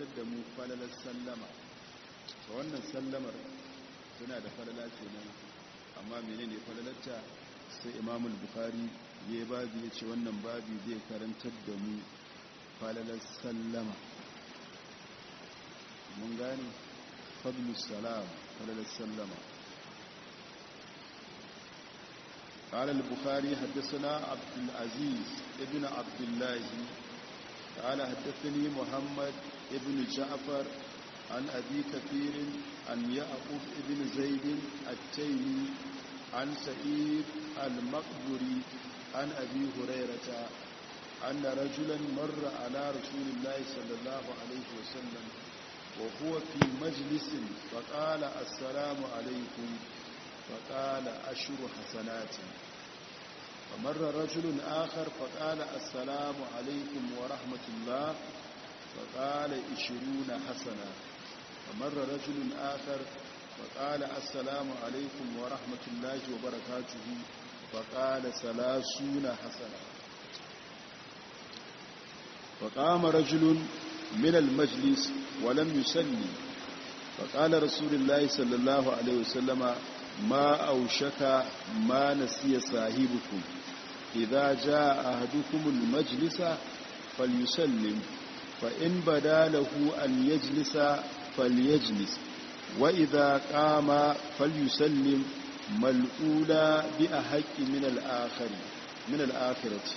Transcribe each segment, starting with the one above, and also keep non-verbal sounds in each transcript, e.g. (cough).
karantar da mu falalar sallama ta wannan sallamar tana da falala ce nan amma menene falalarta sai imamul bukari ya babi ya ce wannan babi zai karantar da mu falalar sallama mun gane fadlus salam falalar sallama قال البخاري حدثنا عبد العزيز ابن عبد الله قال حدثني محمد ابن جعفر عن أبي كثير عن يعقوب ابن زيد التيمي عن سعيد المقبري عن أبي هريرة أن رجلا مر على رسول الله صلى الله عليه وسلم وهو في مجلس فقال السلام عليكم فقال أشر حسناتي فمر رجل آخر فقال السلام عليكم ورحمة الله فقال إشرون حسنا فمر رجل آخر فقال السلام عليكم ورحمة الله وبركاته فقال ثلاثون حسنا فقام رجل من المجلس ولم يسلم فقال رسول الله صلى الله عليه وسلم ma aushaka ma nasiya sahibukum idza jaa ahadukumul majlisa falyusallim fa in badalahu an yajlisa falyajlis wa idza qama falyusallim mal'ula bi a min al-akhir min al-akhirati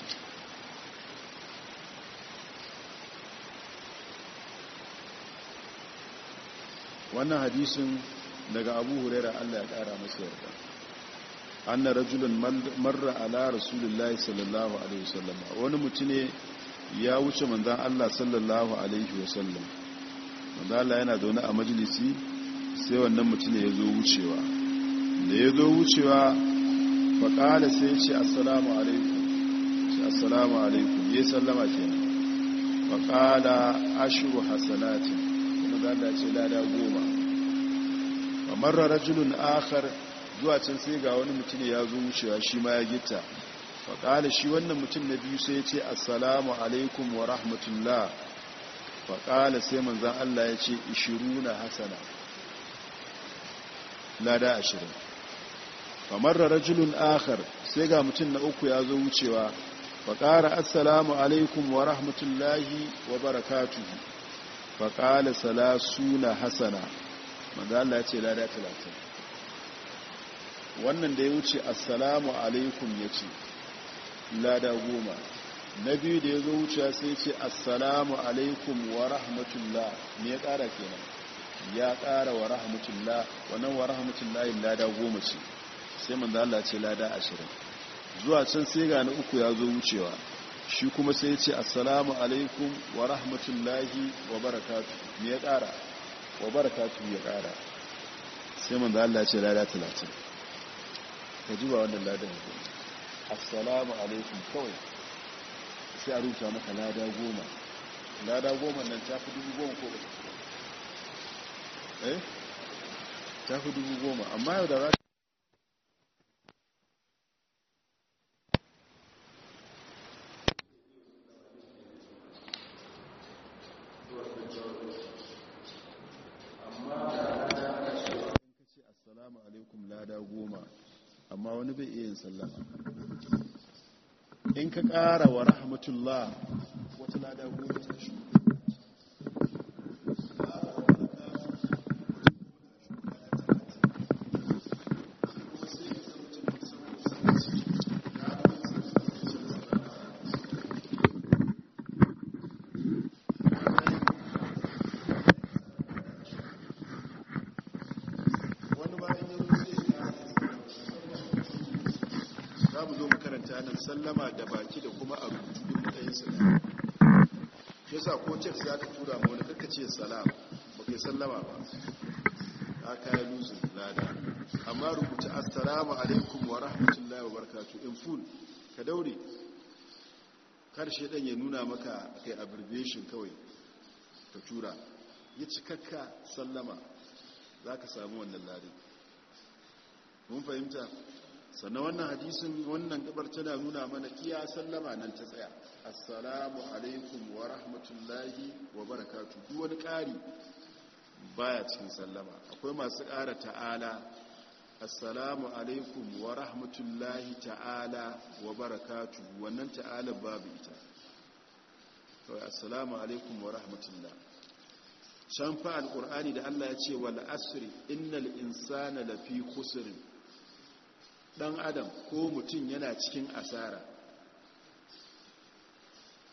wannan hadisin daga abu huraira allah ya kara masa yarda anna rajulun marra ala rasulullahi sallallahu alaihi wasallam wani mutum ne ya wuce manzan allah sallallahu alaihi wasallam manzan allah yana zaune a majalisi sai wannan mutum ne ya zo wucewa da ya zo wucewa faƙala sai ce assalamu alaikum ce assalamu alaikum ya sallama ke faƙala ashiru hasanatin kuma zanda ce lada goma kamar rajulun akhar zuwa can sai ga wani mutum ya zo wucewa shi ma ya gita faƙala shi wannan mutum na biyu sai ya ce assalamu alaikum wa rahmatullah faƙala sai manzan Allah ya ce ishiru na hasana lada ashirin kamar rajulun akhar sai ga mutum na uku ya zo wucewa faƙara assalamu alaikum wa rahmatullahi wa barakatuhu faƙala na hasana manzo Allah ya ce lada talatin wannan da ya wuce assalamu alaikum ya ce lada goma na biyu da ya zo wuce sai ce assalamu alaikum wa rahmatullah ne ya kara kenan ya kara wa rahmatullah wannan wa rahmatullah yin lada goma ce sai manzo Allah ce lada ashirin zuwa can sai ga na uku ya zo wucewa shi kuma sai ce assalamu alaikum wa rahmatullahi wa barakatu ne ya kara wa tu ya kara sai manzo Allah ya ce lada 30 ka ji ba wannan ladan assalamu alaikum kawai sai a rubuta maka lada goma lada goma nan ta fi dubu goma ko ba eh ta fi dubu goma amma yau da za in ka ƙara wa rahmatullah wata lada goma ta shi sallama da baki da kuma a rubutu duk matsayin shi yasa ko cef za ka tura ma wani kakka ce salam ba kai sallama ba a kayan lusin lada amma rubuta assalamu alaikum wa rahmatullahi wa barakatu in full ka daure karshe dan ya nuna maka kai abbreviation kawai ka tura ya cikakka sallama za ka samu wannan ladi mun fahimta sannan wannan hadisun wannan gabar tana nuna mana kiya sallama nan ta tsaya assalamu alaikum wa rahmatullahi wa barakatu duk wani ƙari baya cikin sallama akwai masu ƙara ta'ala assalamu alaikum wa rahmatullahi ta'ala wa barakatu wannan ta'ala babu ita kawai assalamu alaikum wa rahmatullah shan fa’al alƙur'ani da allah ya ce wal asri innal insana lafi kusurin. dan adam ko mutum yana cikin asara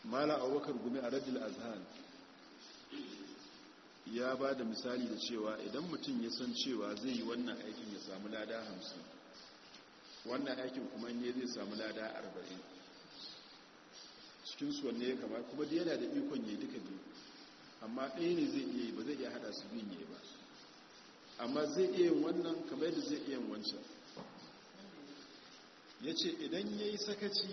mala abubakar gumi a rajul azhan ya ba da misali da cewa idan mutum ya san cewa zai yi wannan aikin ya samu lada hamsin wannan aikin kuma ne zai samu lada arba'in cikinsu wanne ya kama kuma da yana da ikon ya duka biyu amma ɗaya ne zai iya yi ba zai iya hada su biyu ne ba amma zai iya yin wannan kamar yadda zai iya yin wancan ya ce idan ya yi sakaci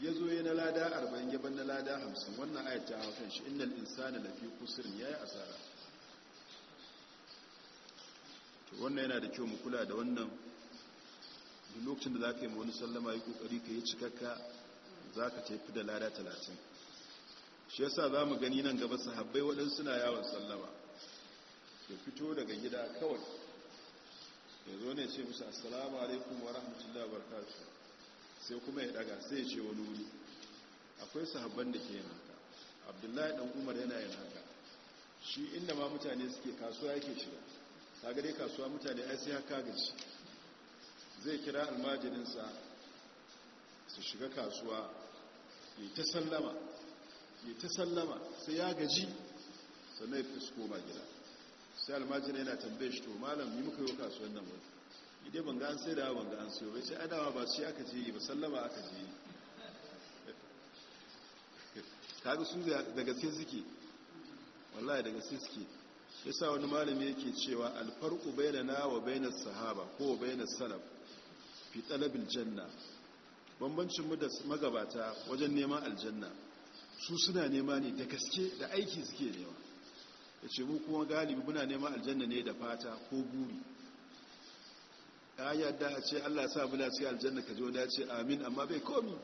ya zo ya na lada 40 ya ban na lada 50 wannan ayat ta hakan shi inda insani lafi kusurin ya yi asara wannan yana da kyau mu kula da wannan duk lokacin da za ka yi wani sallama yi kokari ka yi cikakka za ka tafi da lada 30 shi ya sa za mu gani nan gaba sahabbai waɗansu na yawon sallama ya fito daga gida kawai ya zo ne ce musu assalamu alaikum wa rahmatullahi wa barakatuh sai kuma ya daga sai ya ce wani wuri akwai sahabban da ke yin haka abdullahi dan umar yana yin haka shi inda ma mutane suke kasuwa yake shiga ta gare kasuwa mutane ai sai haka shi zai kira almajirinsa su shiga kasuwa ya ta sallama ya ta sallama sai ya gaji sannan ya fusko ba gida sai almajina yana tambaye shi to malam yi muka yi kasuwan nan wani ide ban ga an sai da ban ga an sai wai sai adawa ba shi aka je yi ba sallama aka je yi (laughs) kaga su da gaske suke wallahi da gaske suke yasa wani malami yake cewa alfarqu bainana wa bainas sahaba ko bainas salaf fi talabil janna bambancin mu da magabata wajen neman aljanna su suna nema ne da gaske da aiki suke nema ya ce mu kuma galibi muna neman aljanna ne da fata ko buri ya yadda a ce allah sa su sai aljanna ka ji wani ya ce amin amma bai komi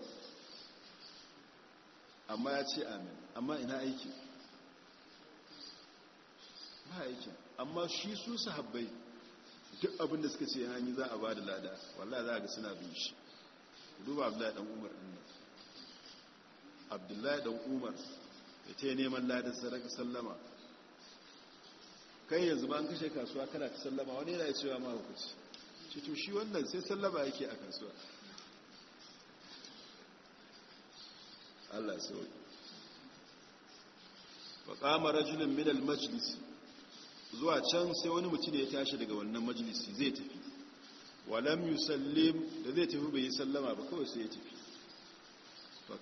amma ya ce amin amma ina aiki ba aiki amma shi su habbai duk abinda suka ce hanyi za a ba da lada wallah za a ga suna bin shi duba abdullahi dan umar din nan abdullahi dan umar ya ce neman ladan sadaka sallama kan yanzu ba an kashe kasuwa kana ta sallama wani yana cewa ma hukunci shi to shi wannan sai sallama yake a kasuwa Allah sai wa kama rajulun min al-majlis zuwa can sai wani mutum ya tashi daga wannan majalisi zai tafi walam yusallim da zai tafi bai sallama ba kawai sai ya tafi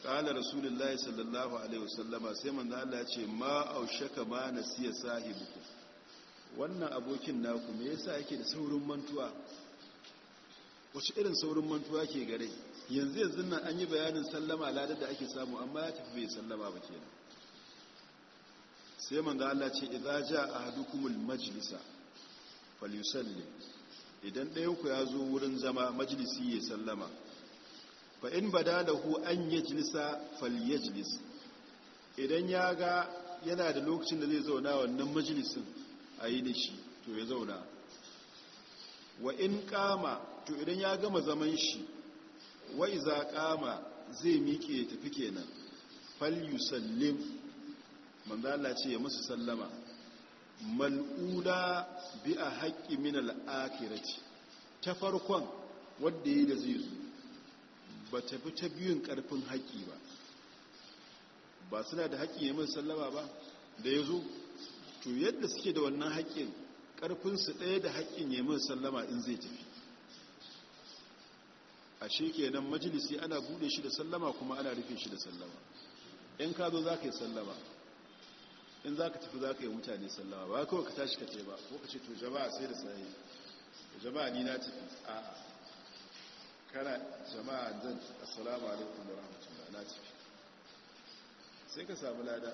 kala rasulullahi sallallahu alaihi wasallama sai manzo Allah ya ce ma aushaka ma nasiya sahibukum wannan abokin naku me yasa yake da saurin mantuwa wasu irin saurin mantuwa ke gare yanzu yanzu nan an yi bayanin sallama ladar da ake samu amma ya tafi bai sallama ba kenan sai manzo Allah ce idza jaa ahadukumul majlisa falyusalli idan ɗayan ku ya zo wurin zama majlisi ya sallama fa in badalahu an yajlisa falyajlis idan ya ga yana da lokacin da zai zauna wannan majlisin a yi da shi to ya zauna wa in kama to idan ya gama zaman shi wa iza kama zai miƙe tafi kenan falyusallim manzo Allah ce ya musu sallama mal'uda bi a haƙƙi min al'akirati ta farkon wadda yi da zai zo ba ta fi ta biyun ƙarfin haƙƙi ba ba suna da haƙƙi ya musu sallama ba da ya zo to yadda suke da wannan haƙƙin ƙarfinsu ɗaya da haƙƙin ya min sallama in zai tafi a nan majalisi ana bude shi da sallama kuma ana rufe shi da sallama in ka zo za ka yi sallama in za ka tafi za ka yi mutane sallama ba kawai ka tashi ka ce ba ko ka ce to jama'a sai da sayi jama'a ni na tafi a kana jama'a zan assalamu alaikum wa rahmatullahi na tafi sai ka samu lada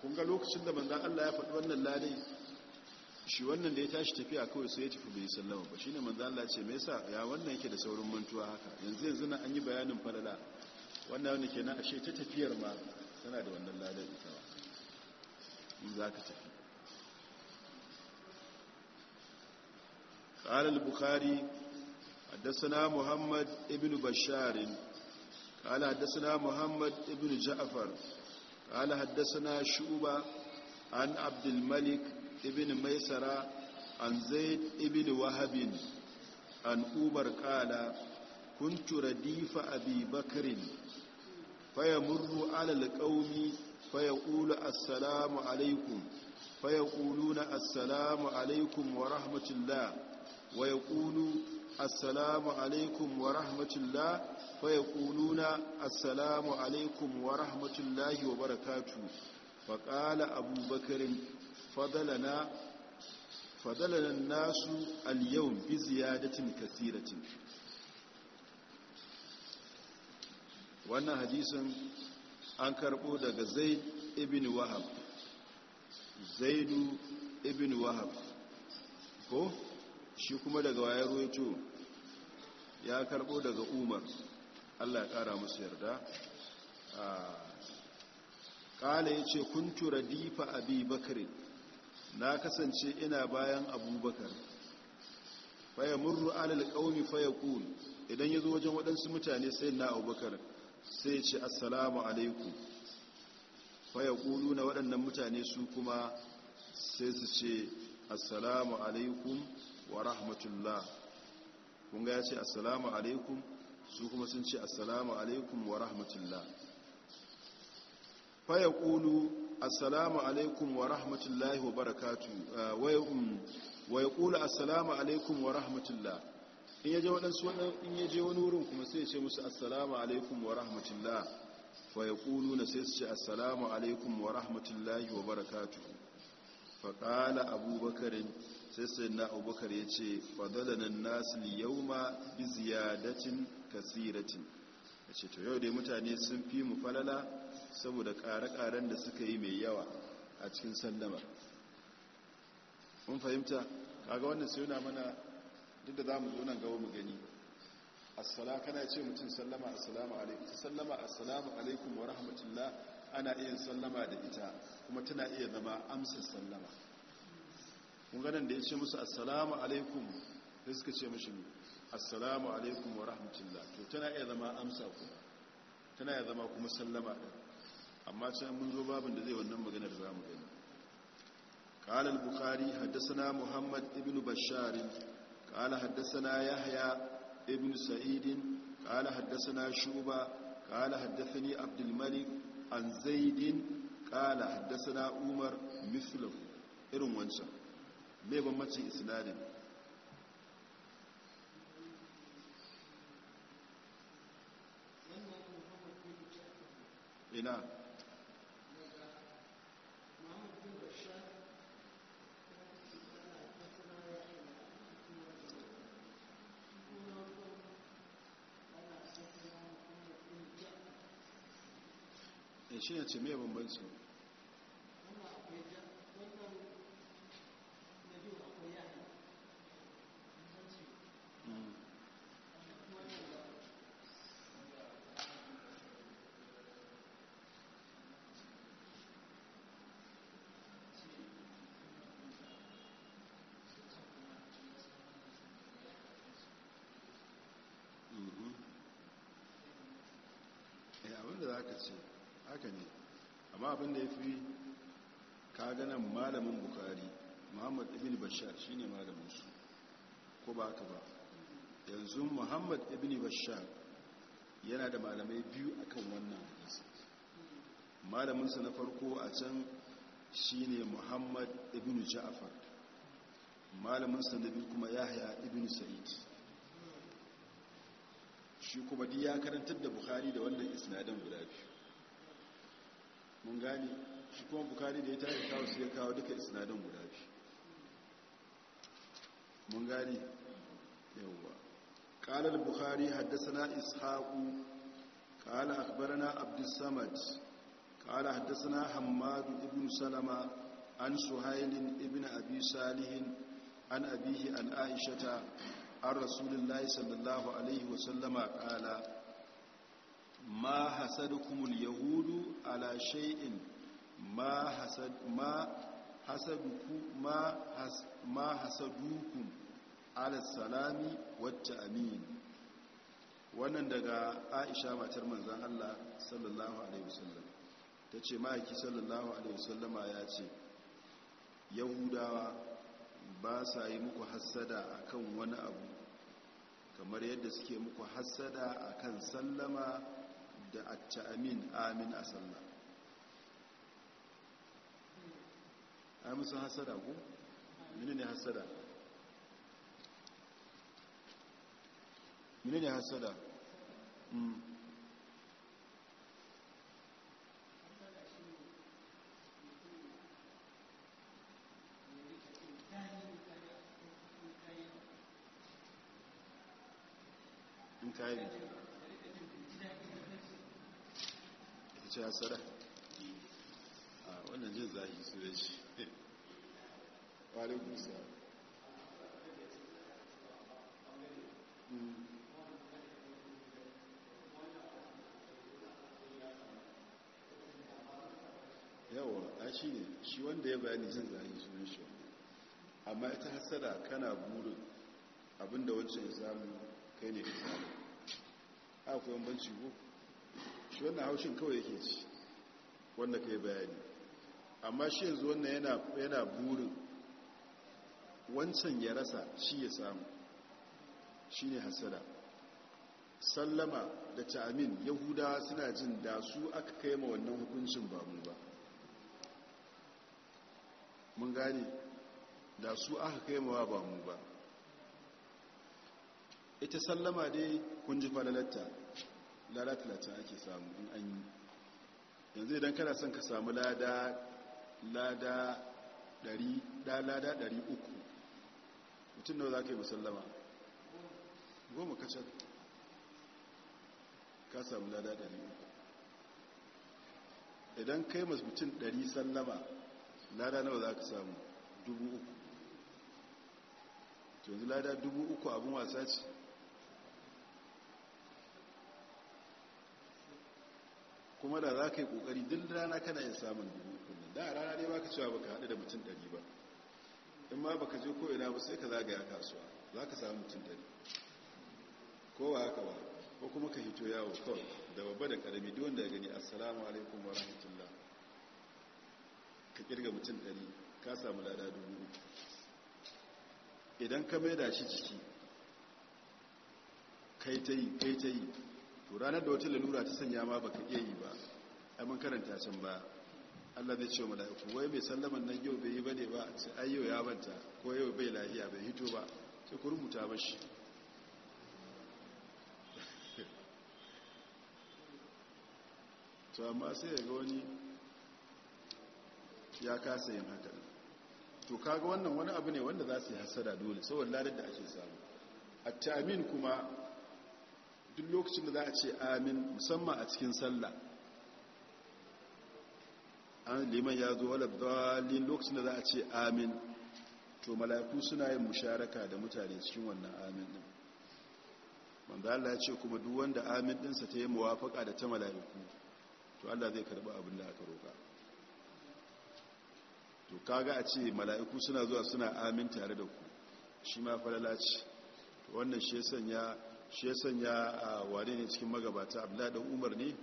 kun ga lokacin da manzan Allah ya faɗi wannan lalai shi wannan da ya tashi tafiya kawai sai ya tafi bai sallama ba shine manzan Allah ce me yasa ya wannan yake da saurin mantuwa haka yanzu yanzu na an yi bayanin falala wannan wani na ashe ta tafiyar ma tana da wannan lalai ita ba in za ka tafi قال البخاري حدثنا محمد ابن بشار قال حدثنا محمد ابن جعفر قال حدثنا شعبة عن عبد الملك ابن ميسرة عن زيد ابن وهب عن أوبر قال كنت رديف أبي بكر فيمر على القوم فيقول السلام عليكم فيقولون السلام عليكم ورحمة الله ويقول assalamu alaikum wa rahmatullah fa yaquluna assalamu alaikum wa rahmatullahi wa barakatu fa qala abu bakarin nasu al bi ziyadatin kaseeratin wannan hadisin an karɓo daga zaid ibn wahab zaidu ibn wahab ko shi kuma daga wayar roito ya karbo daga umar allah ya kara musu yarda kala ah, ya ce kun tura difa abi na kasance ina bayan abubakar faya murru alal ƙaumi faya kun idan ya zo wajen waɗansu mutane sai na abubakar sai ce assalamu alaikum faya kunu na waɗannan mutane su kuma sai su ce assalamu alaikum wa rahmatullah kun ga ya ce assalamu alaikum su kuma sun ce assalamu alaikum wa rahmatullah fa ya kulu assalamu alaikum wa rahmatullahi wa barakatu uh, wa ya kulu mm, assalamu alaikum wa rahmatullah in yaje waɗansu in yaje wani wurin kuma sai ya ce musu assalamu alaikum wa rahmatullah fa ya kulu na sai su ce assalamu alaikum wa rahmatullahi wa barakatu fa ƙala abubakarin sai sai na abubakar ya ce fadalanin nasu yau ma bi ziyadacin kasiratin ya ce to yau dai mutane sun fi mu falala saboda ƙare-ƙaren da suka yi mai yawa a cikin sallama mun fahimta kaga wannan sai yana mana duk da za mu zo nan gaba mu gani assala kana ce mutum sallama assalamu alaikum sallama assalamu alaikum wa rahmatullah ana iya sallama da ita kuma tana iya zama amsar sallama kun da ya ce musu assalamu alaikum da suka ce mashi assalamu alaikum wa rahmatullah to tana iya zama amsa kuma tana iya zama kuma sallama ɗin amma can mun zo babin da zai wannan maganar za mu gani muhammad ibn حدثنا محمد haddasa na yahya ibn sa'idin ابن haddasa na shuba شوبة haddasa حدثني عبد an-zaidin زيد haddasa na umar مثله irin wancan mai bambancin isnadin ina eh, shi ne ce mai bambancin abinda za ka ce haka ne amma abinda ya fi kaganan malamin bukari muhammad ibn bashar shi ne malaminsu ko ba ka ba yanzu muhammad ibn bashar yana da malamai biyu kan wannan hadisi malaminsa na farko a can shi ne muhammad ibn ja'afar malaminsa na biyu kuma yahya ibn sa'id shi kuma di ya karantar da bukari da wannan isnadin guda biyu mun gane shi kuma bukari da ya tashi kawo su ya kawo duka isnadin guda biyu mun gane yawwa kalar bukari haddasa na ishaku قال أخبرنا عبد الصمد قال حدثنا حماد ibn salama an سهيل ibn abi صالح an abihi an عائشة an rasulullahi sallallahu alaihi wasallama kala ma hasadukumul yahudu ala shay'in ma hasad ma hasaduku ma has ma hasadukum ala salami wacce amin wannan daga aisha matar manzan Allah sallallahu alaihi wasallam ta ce ma'aiki sallallahu alaihi wasallama ya ce yahudawa ba sa yi muku hassada akan wani abu kamar yadda suke muku hassada kan sallama da atta amin amin a sallah a musu hassada ku? mini ne hassada mini ne hassada? Hmm. tari ta ce hasada a wannan jin zahi su da shi ƙwarin musa hmm. yawa a shi ne shi wanda ya bayani jin zahi su da shi amma ita hasara kana burin abinda wancan ya kai ne ka samu akwai bambanci ko shi wannan haushin kawai yake ci wanda ka bayani amma shi yanzu wannan yana burin wancan ya rasa shi ya samu shi hasada sallama da ta'amin yahudawa suna jin da su aka kai ma wannan hukuncin ba mu ba mun gane da su aka kai ma ba mu ba ita sallama dai kun ji falalatta lalatalata ake samu in an yi yanzu idan kana son ka samu lada lada dari da lada uku mutum nawa za ka yi musallama goma kacal ka samu lada dari uku idan kai masu mutum dari sallama lada nawa za ka samu dubu uku yanzu lada dubu uku abin wasa ce kuma da za ka yi ƙoƙari duk rana kana yin samun dubu kullum da rana ne ba ka cewa ba ka haɗu da mutum ɗari ba in ma ba ka je ko ina ba sai ka zagaya kasuwa za ka samu mutum ɗari ko ba haka ba ko kuma ka hito yawo kawai da babba da ƙarami duk wanda ya gani assalamu alaikum wa rahmatullah ka kirga mutum ɗari ka samu lada dubu uku idan ka da shi ciki kai ta yi kai ta yi to ranar da wata lalura ta sanya ma baka iya yi ba ai mun karanta sun ba Allah zai ce wa mala'iku wai bai sallaman nan yau bai yi bane ba sai ce ayyau ya banta ko yau bai lafiya bai hito ba sai ku rubuta mashi to amma sai ya ga wani ya kasa yin haka to kaga wannan wani abu ne wanda za su yi hasada dole saboda ladar da ake samu a tamin kuma duk lokacin da za a ce amin musamman a cikin sallah an liman ya zo wala dalilin lokacin da za a ce amin to mala'iku suna yin musharaka da mutane cikin wannan amin din manzo Allah ya ce kuma duk wanda amin dinsa ta yi muwafaka da ta mala'iku to Allah zai karba abin da aka roka to kaga a ce mala'iku suna zuwa suna amin tare da ku shi ma falala ce wannan shi sanya shi ya sanya a wane ne cikin magabata abdullahi umar ne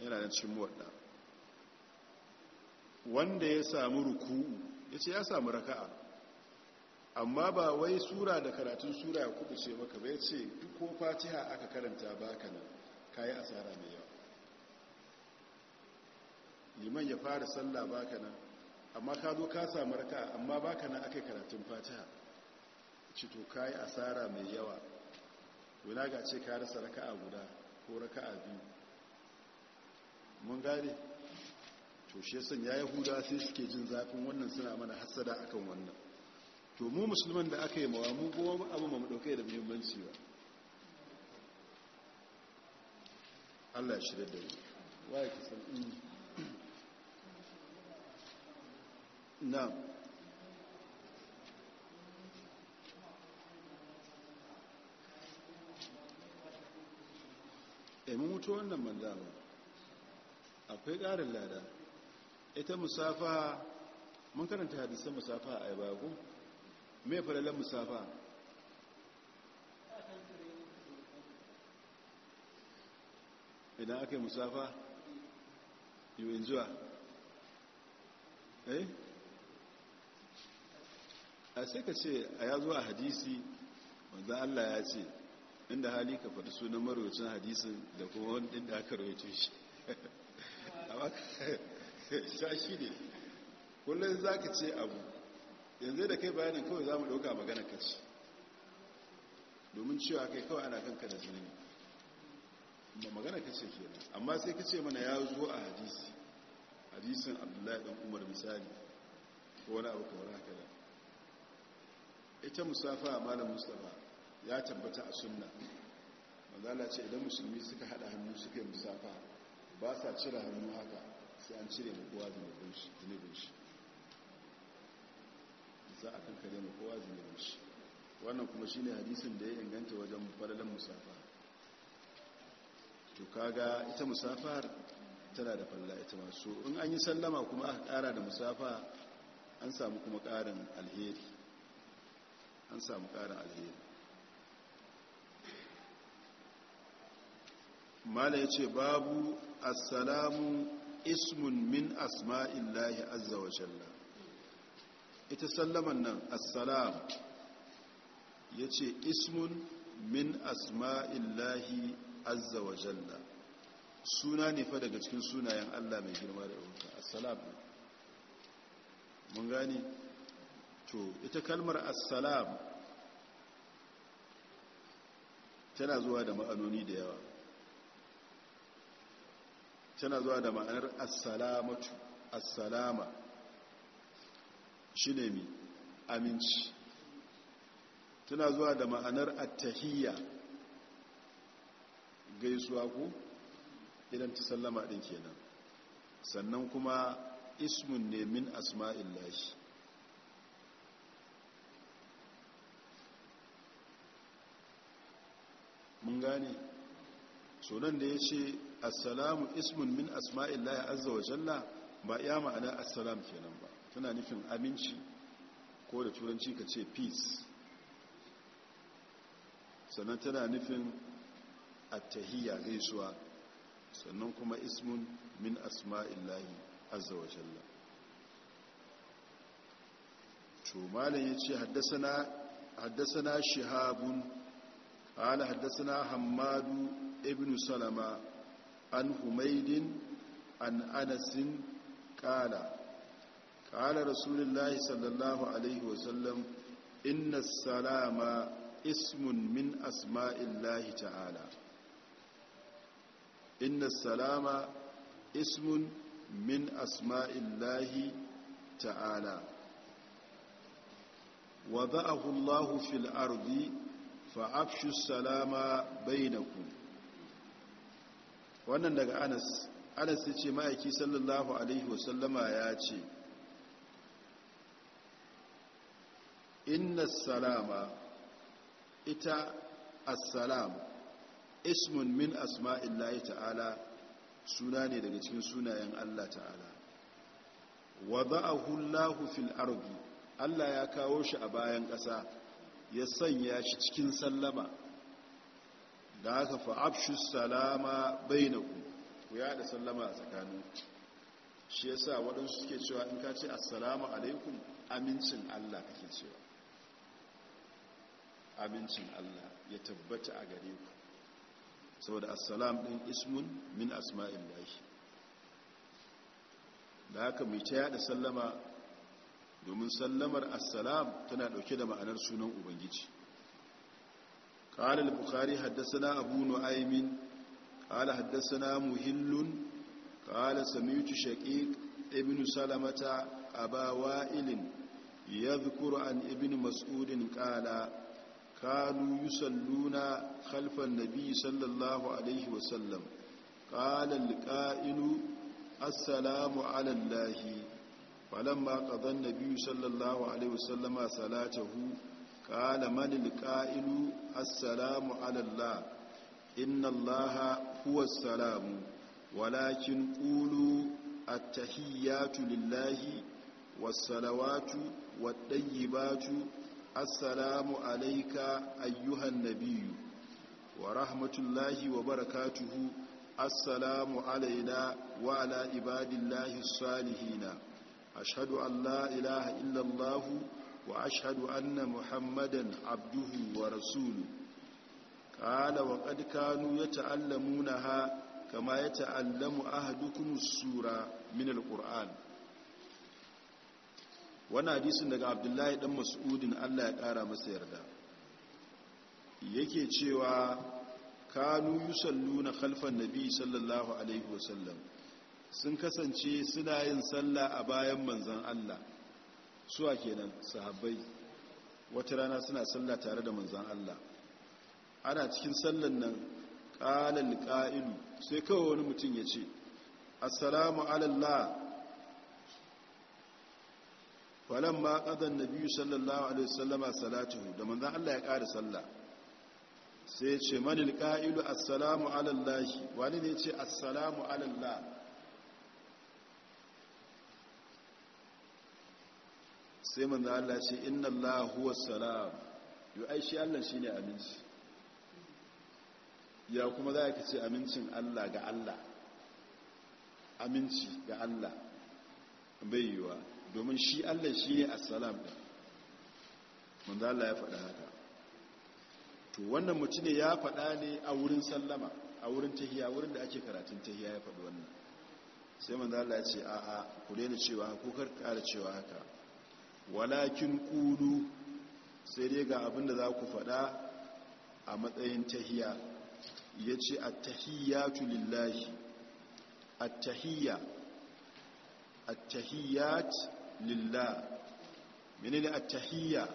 yana da cikin muwadda wanda ya samu ruku'u ya ce ya samu raka'a amma ba wai sura da karatun sura ya kudu ce maka bai ce duk ko fatiha aka karanta baka nan ka yi asara mai yawa liman ya fara sallah baka nan amma ka zo ka samu raka'a amma baka nan aka karatun fatiha cito ka yi asara mai yawa to ina ga ce ka rasa raka'a guda ko raka'a biyu mun gane to shi ya yahuda sai suke jin zafin wannan suna mana hasada akan wannan to mu musulman da aka yi mawa mu kuma abu ma mu dauke da muhimmanci ba Allah shirya da mu waye san mm. na'am mu mutu wuce wannan mandama akwai ƙarin lada ita musafa mun karanta hadisan musafa a yabago mai falalan musafa idan aka yi musafa yi injuwa eh a sai ka ce a ya zuwa hadisi wanda allah ya ce inda hali ka faɗi sunan marocin hadisun da kuma wani da aka rawaito shi amma (laughs) sha shi ne kullum za ka ce abu yanzu da kai bayanin kawai za mu ɗauka magana kaci domin cewa kai kawai ana kanka da zini ba magana kace kenan amma sai ka ce mana ya zo a hadisi hadisin abdullahi ɗan umar misali ko wani abu kawar haka da ita musafa a malam mustapha ya tabbata a sunna mazala ce idan musulmi suka hada hannu suka yi musafa ba sa cire hannu haka sai an cire makowa zunubin shi za a kare makowa zunubin shi wannan kuma shi ne hadisun da ya inganta wajen falalan musafa to kaga ita musafar tana da falla ita masu in an yi sallama kuma aka kara da musafa an samu kuma karin alheri an samu karin alheri mala ya ce babu assalamu ismun min asma'illahi azza wa shalla ita sallaman nan assalam ya ce ismun min asma'illahi azza wa shalla suna ne fa daga cikin sunayen allah mai girma da ɗauka assalam mun gani to ita kalmar assalam tana zuwa da ma'anoni da yawa tana zuwa da ma'anar assalamatu assalama shi ne mi aminci tana zuwa da ma'anar attahiyya gaisuwa ku idan ta sallama ɗin kenan sannan kuma ismun ne min asma'illahi mun gane sonan da ya ce assalamu ismun min asma'illahi azza wa jalla ba ya ma'ana assalam kenan ba tana nufin aminci ko da turanci ka ce peace sannan tana nufin attahiyya gaisuwa sannan kuma ismun min asma'illahi azza wa jalla to malam yace haddasana haddasana shihabun haddasa na Hamadu, ابن Salama. an humaidin an anasin kala kala rasulullahi sallallahu alaihi wasallam inna salama ismun min asma'illahi ta'ala inna salama ismun min asma'illahi ta'ala wada'ahu allahu fil ardi fa'afshu salama bainakum wannan daga anas anas ya ce ma'aiki sallallahu alaihi wasallama ya ce inna salama ita assalam ismun min asma'illahi ta'ala suna ne daga cikin sunayen Allah ta'ala a Allahu fil ardi Allah ya kawo shi a bayan ƙasa ya sanya shi cikin sallama da haka afshu salama bainakum ku da sallama a tsakanin shi yasa waɗansu suke cewa in ka ce assalamu alaikum amincin Allah kake cewa amincin Allah ya tabbata a gare ku saboda assalam ɗin ismun min asma'in lahi da haka mai ta yada sallama domin sallamar assalam tana ɗauke da ma'anar sunan ubangiji قال البخاري حدثنا أبو نعيم قال حدثنا مهل قال سميت شقيق ابن سلمة أبا وائل يذكر عن ابن مسعود قال كانوا يصلون خلف النبي صلى الله عليه وسلم قال القائل السلام على الله فلما قضى النبي صلى الله عليه وسلم صلاته قال من القائل السلام على الله إن الله هو السلام ولكن قولوا التحيات لله والصلوات والطيبات السلام عليك أيها النبي ورحمة الله وبركاته السلام علينا وعلى عباد الله الصالحين أشهد أن لا إله إلا الله وأشهد أن محمدا عبده ورسوله قال وقد كانوا يتعلمونها كما يتعلم أهدكم السورة من القرآن wani hadisin daga abdullahi dan mas'udin allah ya kara masa yarda yake cewa kanu yusalluna khalfan nabi sallallahu alaihi wasallam sun kasance suna yin sallah a bayan manzon allah suwa kenan sahabbai wata rana suna sallah tare da manzan Allah ana cikin sallan nan qalal ƙa’ilu sai kawai wani mutum ya ce assalamu alallah falamma qada an-nabi sallallahu alaihi wasallama salatu. da manzan Allah ya ƙari sallah sai ce manil ƙa’ilu assalamu alallah wani ne ya ce assalamu alallah sai manzo Allah shi inna Allah huwa salam yo ai shi Allah shine aminci ya kuma za ka ce amincin Allah ga Allah aminci ga Allah bai yiwa domin shi Allah shine assalam din manzo Allah ya faɗa haka to wannan mutune ya faɗa ne a wurin sallama a wurin tahiya wurin da ake karatun tahiya ya faɗi wannan sai manzo Allah ya ce a'a ku daina cewa ko kar ƙara cewa haka walakin kulu sai dai ga abin da za ku faɗa a matsayin tahiya ya ce a a lillahi a attahiyyat lillah menene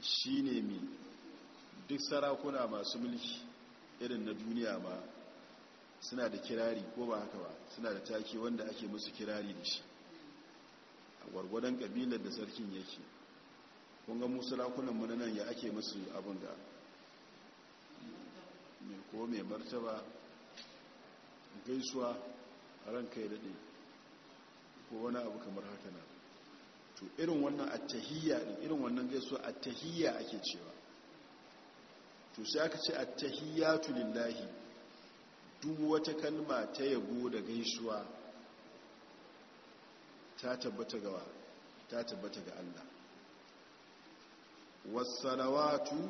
Shi ne mi duk sarakuna masu mulki irin na duniya ma suna da kirari ko ba haka ba suna da take wanda ake musu kirari da shi gwargwadon kabilar da sarkin yake kunga musulakunan mananan ya ake masu abin da mai ko mai martaba gaisuwa a ranka ya daɗe ko wani abu kamar haka na to irin wannan attahiyya din irin wannan gaisuwa attahiyya ake cewa to sai aka ce attahiyyatu lillahi duk wata kalma ta yabo da gaisuwa ta tabbata ga ta tabbata ga Allah wassalawatu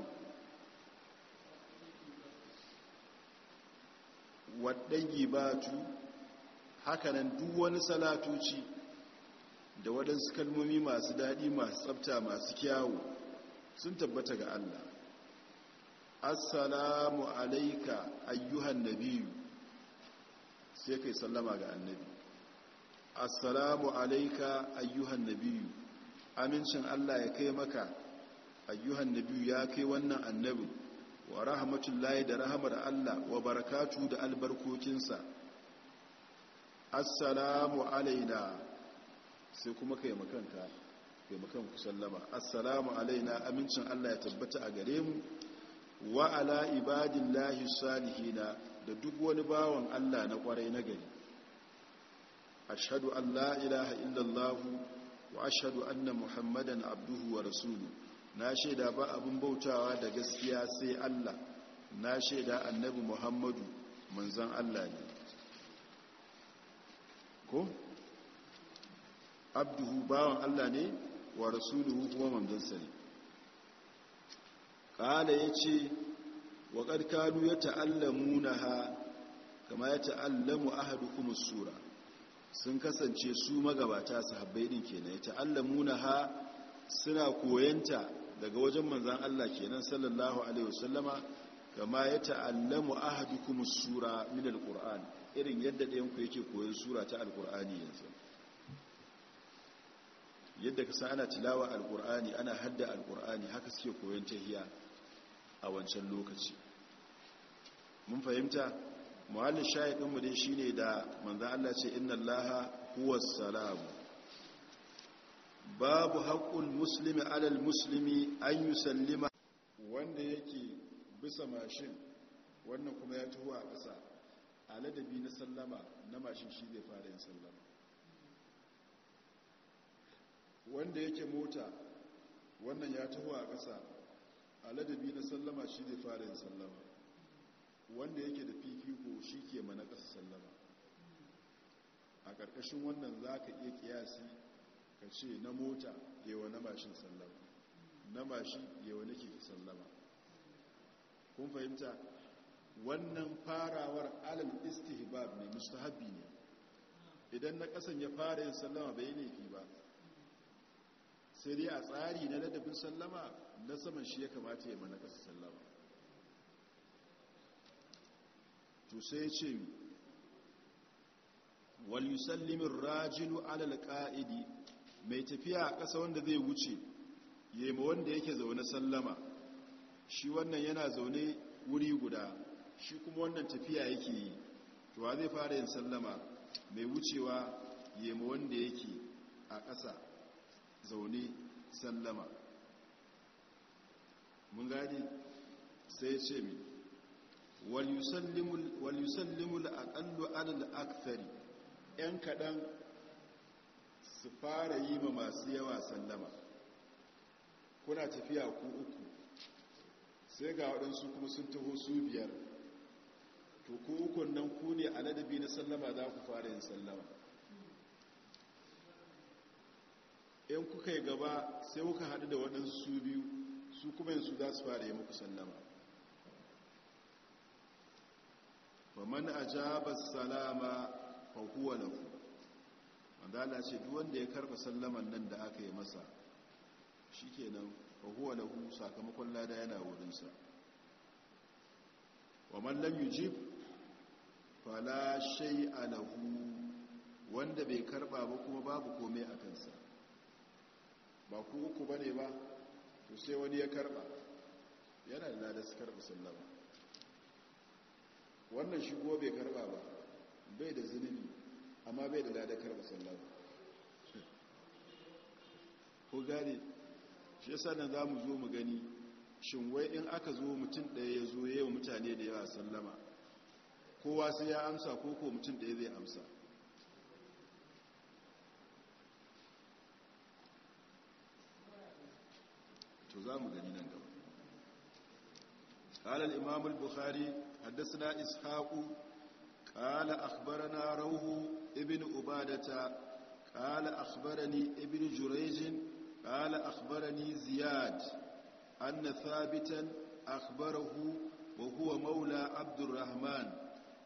waddayibatu hakanan duk wani salatoci da waɗansu kalmomi masu daɗi masu tsafta masu kyawu sun tabbata ga Allah assalamu alaika ayyuhan nabiyu sai kai sallama ga annabi assalamu alaika ayyuhan nabiyu amincin Allah ya kai maka ayyuhan nabiyu ya kai wannan annabi wa rahmatullahi da rahamar Allah wa barakatu da albarkokinsa assalamu alaina sai kuma kai makanta kai makan ku sallama assalamu alaina amincin Allah ya tabbata a gare mu wa ala ibadillahi salihina da duk wani bawan Allah na kwarai na gari ashadu an la illallahu illallah wa ashhadu anna muhammadan abduhu wa rasuluhu na shaida ba abin bautawa da gaskiya sai Allah na shaida annabi muhammadu manzon Allah ne ko abduhu bawan Allah ne wa rasuluhu kuma manzansa ne ya ce wa ya kanu yata'allamuna ha kama yata'allamu ahadu kuma sura sun kasance su magabata sahabbai din kenan ya ta'allamuna ha suna koyanta daga wajen manzan Allah kenan sallallahu alaihi wasallama kama ya ta'allamu ahadukum sura min alquran irin yadda ɗayan ku yake koyon sura ta alqurani yanzu yadda ka san ana tilawa alqurani ana hadda alqurani haka suke koyon tahiya a wancan lokaci mun fahimta muhallin shahidin mu shi ne da manza Allah ce inna allaha huwas salam babu haƙƙun musulmi alal musulmi an yi sallima. wanda yake bisa mashin wannan kuma ya tuho a ƙasa aladabi na sallama na mashin shi zai fara yin sallama wanda yake mota wannan ya tuho a ƙasa aladabi na sallama shi zai fara yin sallama wanda yake da fifiko shi ke mana sallama a ƙarƙashin wannan za ka iya ƙiyasi ka ce na mota yawa na mashin sallama na mashin yawa na ke sallama kun fahimta wannan farawar alal istihbab ne mustahabi ne idan na ƙasan ya fara yin sallama bai laifi ba sai dai a tsari na ladabin sallama na saman shi ya kamata ya ma ƙasa sallama to sai ce wal yusallimin rajilu alal qa'idi mai tafiya a ƙasa wanda zai wuce yema wanda yake zaune sallama shi wannan yana zaune wuri guda shi kuma wannan tafiya yake yi to wa zai fara yin sallama mai wucewa yema wanda yake a ƙasa zaune sallama mun gadi sai ce mi a aƙallu adal akfari ‘yan kaɗan su fara yi ma masu yawa sallama kuna tafiya ku uku sai ga waɗansu kuma sun taho su biyar to ku uku nan ku ne a ladabi na sallama za ku fara yin sallama ‘yan kuka yi gaba sai kuka haɗu da waɗansu su biyu su kuma yanzu za su fara yi muku sallama faman ajaba salama fa huwa lahu manzala ce duk wanda ya karba sallaman nan da aka yi masa shikenan fa huwa lahu sakamakon lada yana wurin sa wa man lam yujib fala shay'a lahu wanda bai karba ba kuma babu komai a kansa ba ku uku bane ba to sai wani ya karba yana da ladar karba sallama wannan shi kuma bai karba ba bai da zunubi amma bai da ladar karba sallah ko gane shi yasa nan za mu zo mu gani shin wai in aka zo mutum ɗaya ya zo yawa mutane da yawa sallama kowa sai ya amsa ko ko mutum ɗaya zai amsa to za mu gani nan gaba قال الإمام البخاري حدثنا إسحاق قال أخبرنا روح ابن أبادة قال أخبرني ابن جريج قال أخبرني زياد أن ثابتا أخبره وهو مولى عبد الرحمن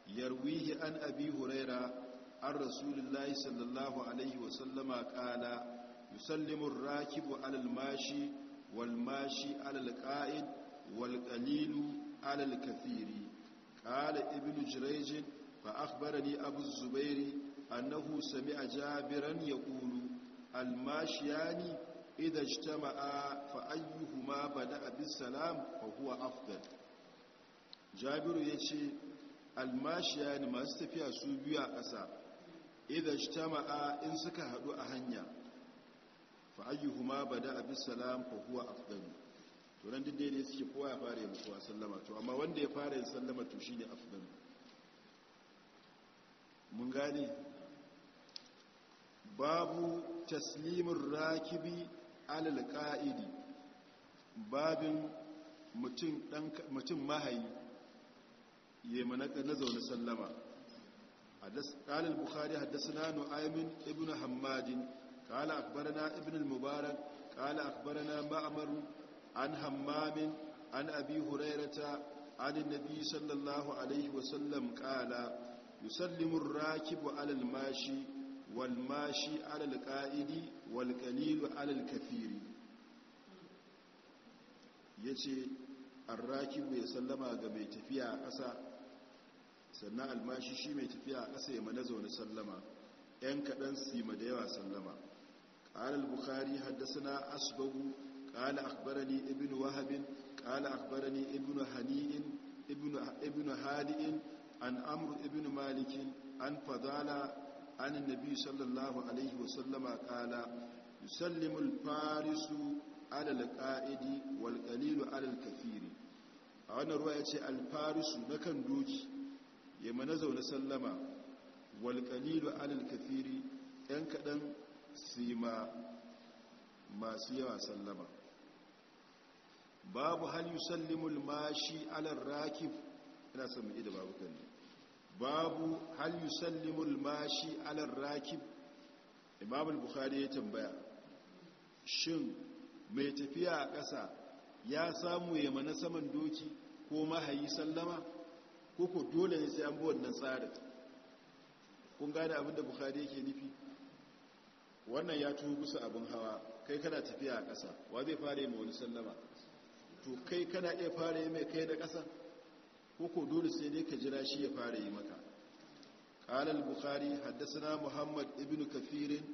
يرويه عن أبي هريرة عن رسول الله صلى الله عليه وسلم قال يسلم الراكب على الماشي والماشي على القائد والقليل على الكثير قال ابن جريج فأخبرني ni الزبير أنه سمع جابرا يقول الماشيان إذا اجتمعا فأيهما بدأ بالسلام فهو أفضل jabiru ya ce almashiya ne masu tafiya su biyu a ƙasa idan shi tama'a in suka haɗu a hanya fa'ayyuhuma bada abin salam fa huwa afdani turan duk ne suke kowa ya fara yin kowa sallama to amma wanda ya fara yin sallama to shi ne afdal mun gane babu taslimin rakibi alal ka'idi babin mutum mahayi ya na zaune sallama قال البخاري حدثنا نعيم ابن حماد قال أخبرنا ابن المبارك قال أخبرنا معمر an hammamin an abi hurairata an annabi sallallahu alaihi wasallam qala yusallimu ar-rakibu 'ala al-mashi wal mashi 'ala al-qa'idi yace ar-rakibu ya sallama ga mai tafiya a ƙasa sannan almashi shi mai tafiya a ƙasa ya mana zaune sallama ‘yan kaɗan sima da yawa sallama. ƙarar bukari haddasa asbagu قال أخبرني ابن وهب قال أخبرني ابن هنيء ابن, ابن هادئ عن أمر ابن مالك عن فضالة عن النبي صلى الله عليه وسلم قال يسلم الفارس على القائد والقليل على الكثير a wannan ruwa ya ce alfarisu na kan doki ya manazau na sallama walƙalilu alal kafiri ‘yan kaɗan su yi ma masu yawa sallama babu hal yusallimul mashi ala rakib ina son mu ida babu kan babu hal yusallimul mashi ala rakib imam al-bukhari ya tambaya shin mai tafiya a ƙasa ya samu ya mana saman doki ko mahayi sallama ko dole ne sai an bi wannan tsarin kun gane abin da bukhari yake nufi wannan ya tuhu kusa abin hawa kai kana tafiya a ƙasa wa zai fara yi ma wani sallama to kai kana iya fara yi mai kai da ƙasa ko dole sai dai ka jira shi ya fara yi maka ƙalar Bukhari, Haddasana muhammad ibnu kafirin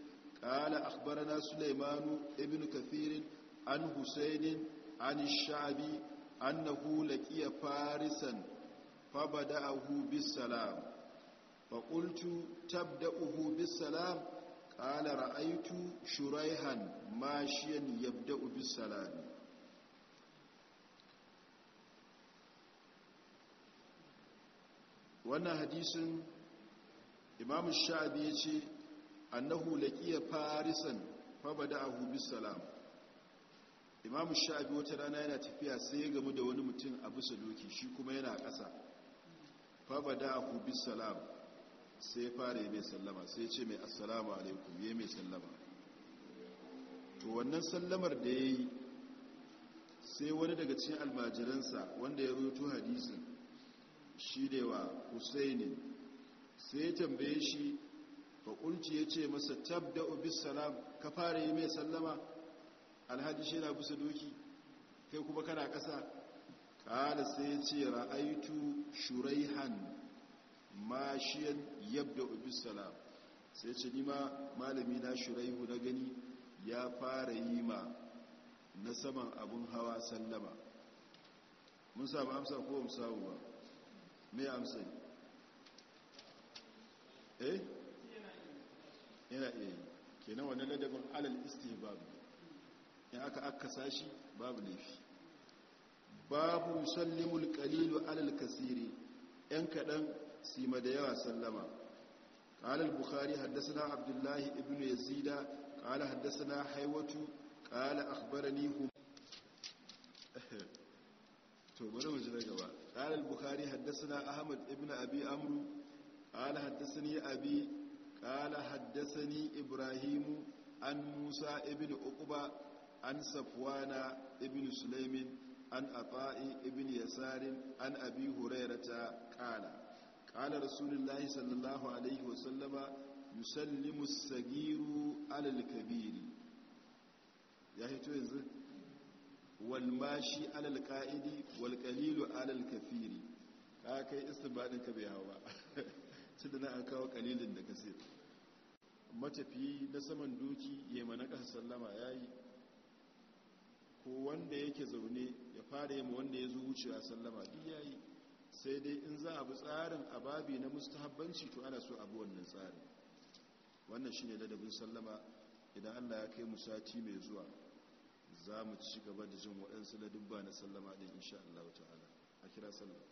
ƙala akbarana sulaimanu ibnu kafirin an husainin an shabi annahu laqiya farisan fabada'ahu bis salam fa qultu tabda'uhu bis salam ƙala ra'aitu shuraihan mashiyan yabda ubis salami wannan hadisun imam sha'abi ya ce annahu laqiya farisan fa bada'ahu bis salam imam sha'abi wata rana yana tafiya sai ya gamu da wani mutum a bisa doki shi kuma yana ƙasa fa a bis salam sai ya fara mai sallama sai ce mai assalamu alaikum ya mai sallama to wannan sallamar da ya yi sai wani daga cikin almajiransa wanda ya rutu hadisin shi da Kusai husaini sai ya tambaye shi faƙulci ya ce masa tabda obis salam ka fara yi mai sallama alhaji shi na busa doki kai kuma kana ƙasa ƙala sai ya ce ra'aitu shuraihan mashiyan yabda ubis salam sai ce nima malami na shuraihu na gani ya fara yi ma na saman abun hawa sallama mun samu amsa ko mu samu ba me amsa eh yana iya yi kenan wani ladabin alal babu in aka aka sashi babu laifi babu sallimul qalilu alal kasiri yan kadan سيما ديرا سلما قال البخاري حدثنا عبد الله ابن يزيد قال حدثنا حيوة قال أخبرني هم قال البخاري حدثنا أحمد ابن أبي أمرو قال حدثني أبي قال حدثني إبراهيم عن موسى ابن أقبى عن صفوان ابن سليم عن أطاء ابن يسار عن أبي هريرة قال قال رسول sallallahu alaihi الله عليه وسلم sagiru الصغير على kabiri ya هيتو yanzu والماشي على القائد والقليل على wal qalilu ka kai istibadin ka bai hawa tunda na an kawo kalilin da kasir matafi na saman doki yema na kasa sallama yi. ko wanda yake zaune ya fara yema wanda ya zo wucewa sallama duk yi. sai dai in za a bi tsarin ababi na mustahabbanci to ana so abu wannan tsarin wannan shine ladabin sallama idan Allah ya kai mu sati mai zuwa za mu ci gaba da jin waɗansu ladubba na sallama ɗin insha Allah ta'ala a kira sallama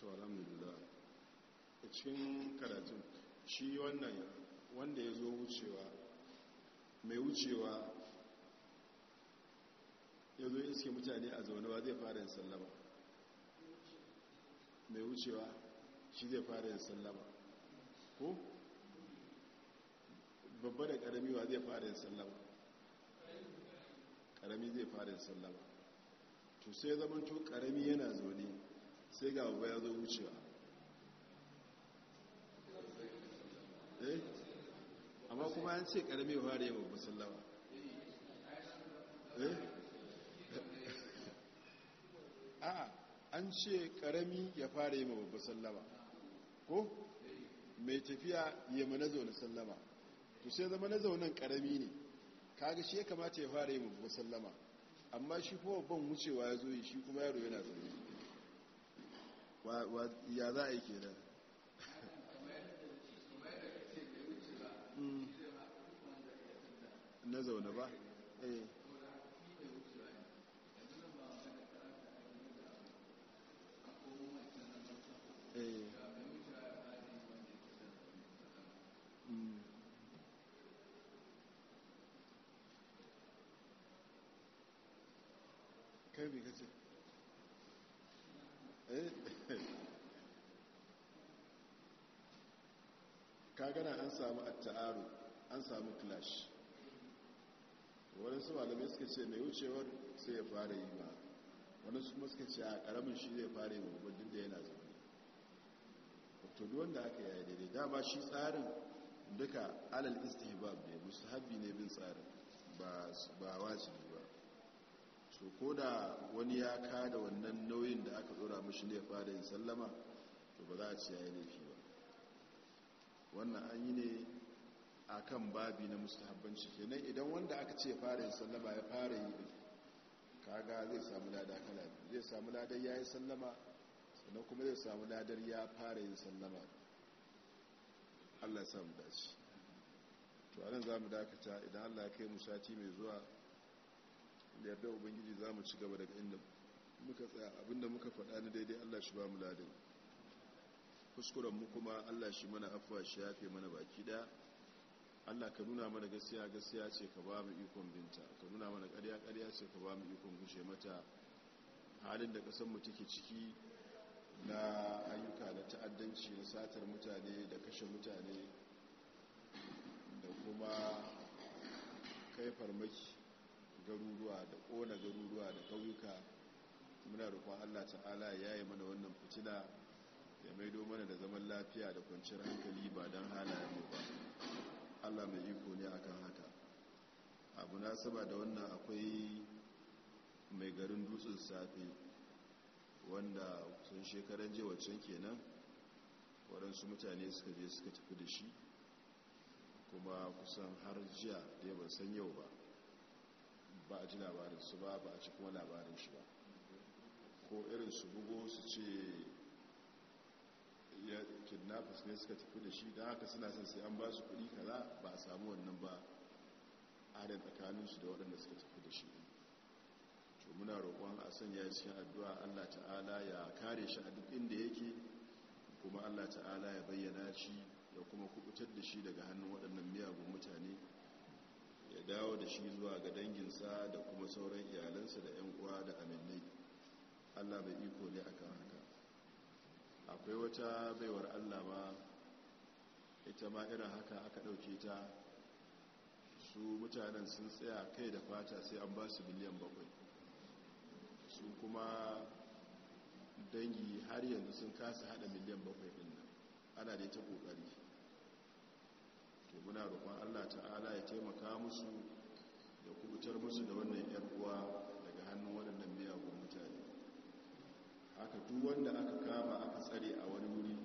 so alhamdulillah a cikin karatun shi wannan wanda ya zo wucewa mai wucewa ya zo iske mutane a zaune ba zai fara yin sallama mai wucewa shi zai fara yin sallama ko babba da karami wa zai fara yin sallama karami zai fara yin sallama to sai zamanto karami yana zaune sai ga abu ya zo wucewa eh amma kuma yan ce karami ya fara yawan musulawa eh a an ce karami ya fara yi mababba eh? (laughs) sallama ko mai tafiya ya mana zaune sallama to sai zama na zaunen karami ne kaga shi ya kamata ya fara yi mababba sallama amma shi kuma babban wucewa ya zo yi shi kuma yaro yana zaune ya za a yi da hmm. na zaune ba eh gana an samu atta'aru an samu clash wadansu malamai suka ce mai wucewar sai ya fara yi ba wani su suka ce a ƙaramin shi zai fara yi babban duk da yana zaune to wanda aka yi daidai dama shi tsarin duka alal istihbab ne musu mustahabbi ne bin tsarin ba wajibi ba so ko da wani ya kada wannan nauyin da aka tsora mashi ne ya fara yin sallama to ba za a ce ya yi laifi ba wannan an yi ne a kan babi na mustahabbanci kenan idan wanda aka ce fara yin sallama ya fara yi ne kaga zai samu lada kala biyu zai samu ladar ya yi sallama sannan kuma zai samu ladar ya fara yin sallama allah ya samu dace to anan za mu dakata idan allah ya kai mu sati mai zuwa da yadda ubangiji za mu ci gaba daga inda muka tsaya abinda muka faɗa na daidai allah shi ba mu ladar kuskuren mu kuma Allah shi mana afuwa shi yafe mana baki ɗaya Allah ka nuna mana gasiya Gasiya ce ka ba mu ikon binta ka nuna mana karya karya ce ka ba mu ikon gushe mata halin da kasanmu mu take ciki na ayyuka na ta'addanci na satar mutane da kashe mutane da kuma kai farmaki garuruwa da kona garuruwa da ƙauyuka muna roƙon Allah ta'ala ya yi mana wannan fitila ya maido mana da zaman lafiya da kwanciyar hankali ba don mu ba allah mai iko ne akan haka abu na saba da wannan akwai mai garin dutsen safe wanda sun shekaran jewacin kenan waɗansu mutane suka je suka tafi da shi kuma kusan har jiya da ban san yau ba ba a ji labarinsu ba ba a ci kuma labarin shi ba ko irin su bugo su ce kafis ne suka tafi da shi da haka suna son sai an ba su kuɗi kaza ba a samu wannan ba adan tsakaninsu da waɗanda suka tafi da shi to muna roƙon a sanya shi addu'a Allah ta'ala ya kare shi a duk inda yake kuma Allah ta'ala ya bayyana shi ya kuma kubutar da shi daga hannun waɗannan miyagun mutane ya dawo da shi zuwa ga danginsa da kuma sauran iyalansa da 'yan uwa da aminai Allah bai iko ne akan haka akwai wata baiwar allah ba ita ma irin haka aka ɗauke ta su mutanen sun tsaya kai da fata sai an ba su miliyan bakwai su kuma dangi har yanzu sun kasa hada miliyan bakwai ɗin nan ana da ita ƙoƙari to muna roƙon allah ta'ala ya taimaka musu da kubutar musu da wannan 'yar uwa daga hannun waɗannan Aka duk wanda aka kama aka tsare a wani wuri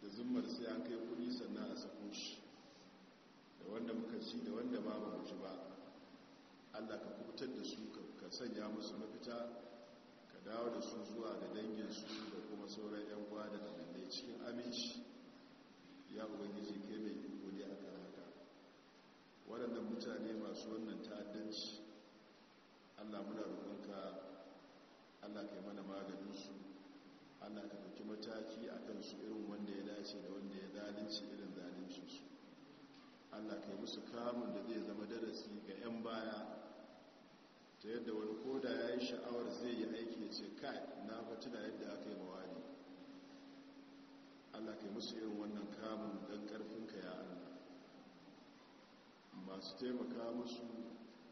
da zummar sai an kai kudi sannan a sako shi da wanda muka ci da wanda ba ba ci ba allah ka kubutar da su ka sanya musu mafita ka dawo da su zuwa da dangin su, da kuma sauran 'yan uwa da dalilai cikin aminci ya ubangiji kai mai iko ne akan haka waɗannan mutane masu wannan ta'addanci allah muna roƙonka allah kai mana maganinsu allah ka ɗauki mataki a kansu irin wanda ya dace da wanda ya zalunci irin zalunci su allah kai musu kamun da zai zama darasi ga 'yan baya ta yadda wani koda ya yi sha'awar zai yi aiki ya ce kai na faci da yadda aka yi mawani allah kai musu irin wannan kamun don ƙarfinka ya allah masu taimaka musu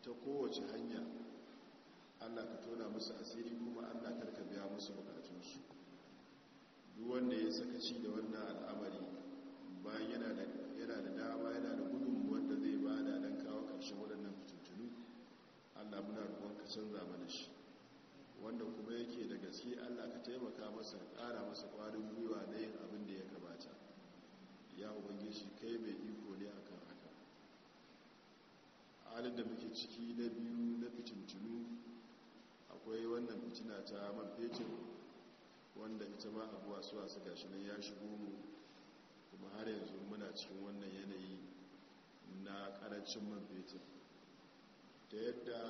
ta kowace hanya allah ka tona musu asiri kuma allah karka biya musu bukatunsu duk wanda ya saka sakaci da wannan al'amari bayan yana da dama yana da gudun wanda zai ba da don kawo ƙarshen waɗannan fitintunu allah muna ruwan ka canza shi wanda kuma yake da gaske allah ka taimaka masa ƙara masa ƙwarin gwiwa na yin abin da ya kamata ya ubangiji kai mai iko ne a kan haka halin da muke ciki na biyu na fitintunu akwai wannan fitina ta man fetur wanda ita ma abuwa suwa su gashi nan ya shigo mu kuma har yanzu muna cikin wannan yanayi na karancin man fetur ta yadda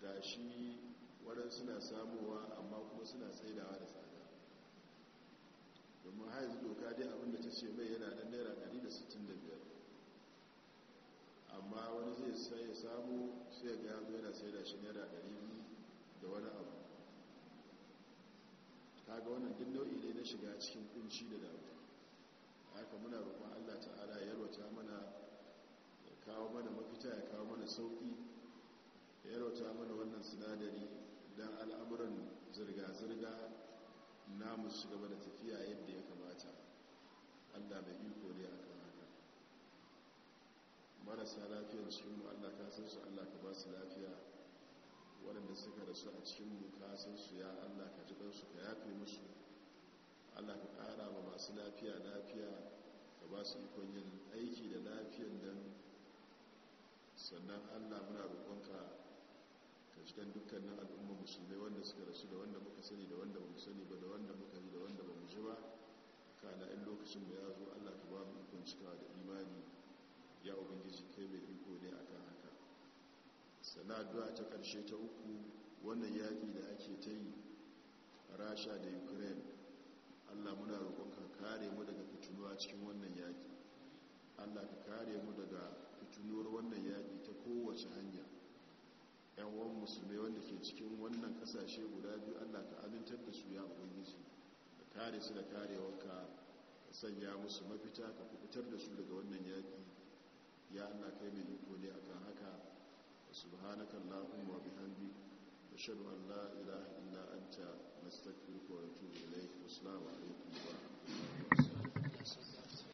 gashi waɗansu suna samuwa amma kuma suna tsaidawa da tsada domin haizu doka dai abinda ta ce mai yana da naira 165 amma wani zai sai ya samu sai ga yanzu yana sai da shi naira 200 da wani abu Ta ga wannan duk nau'i ne na shiga cikin kunci da damuwa haka muna roƙon Allah ta'ala ya yarwata mana ya kawo mana mafita ya kawo mana sauki, ya yarwata mana wannan sinadari don al'amuran zirga-zirga namu su gaba da tafiya yadda ya kamata Allah mai iko ne a kan haka marasa lafiyar cikin Allah ka san su Allah ka ba su lafiya waɗanda suka rasu a cikin su ya allah ka ji ɗansu ka yafe musu allah ka ƙara wa masu lafiya lafiya ka ba su ikon yin aiki da lafiyan don sannan allah muna roƙonka ka kan dukkanin al'umma musulmai wanda suka rasu da wanda muka sani da wanda muka sani ba da wanda muka yi da wanda ba mu ji ba kana in lokacin da ya zo allah ka ba mu ikon cikawa da imani ya ubangiji kai mai iko ne a kan sana ta ƙarshe ta uku wannan yaƙi da ake ta yi rasha da ukraine allah muna roƙonka kare mu daga fitinuwa cikin wannan yaƙi allah ka kare mu daga fitinuwar wannan yaƙi ta kowace hanya yan wan musulmai wanda ke cikin wannan ƙasashe guda biyu allah ka amintar da su ya ubangiji ka kare su da karewarka ka sanya musu mafita ka fitar da su daga wannan yaƙi ya allah kai mai iko ne akan haka subhanaka allahumma wa bihamdik ashhadu an la ilaha illa anta nastaghfiruka wa natubu ilayk assalamu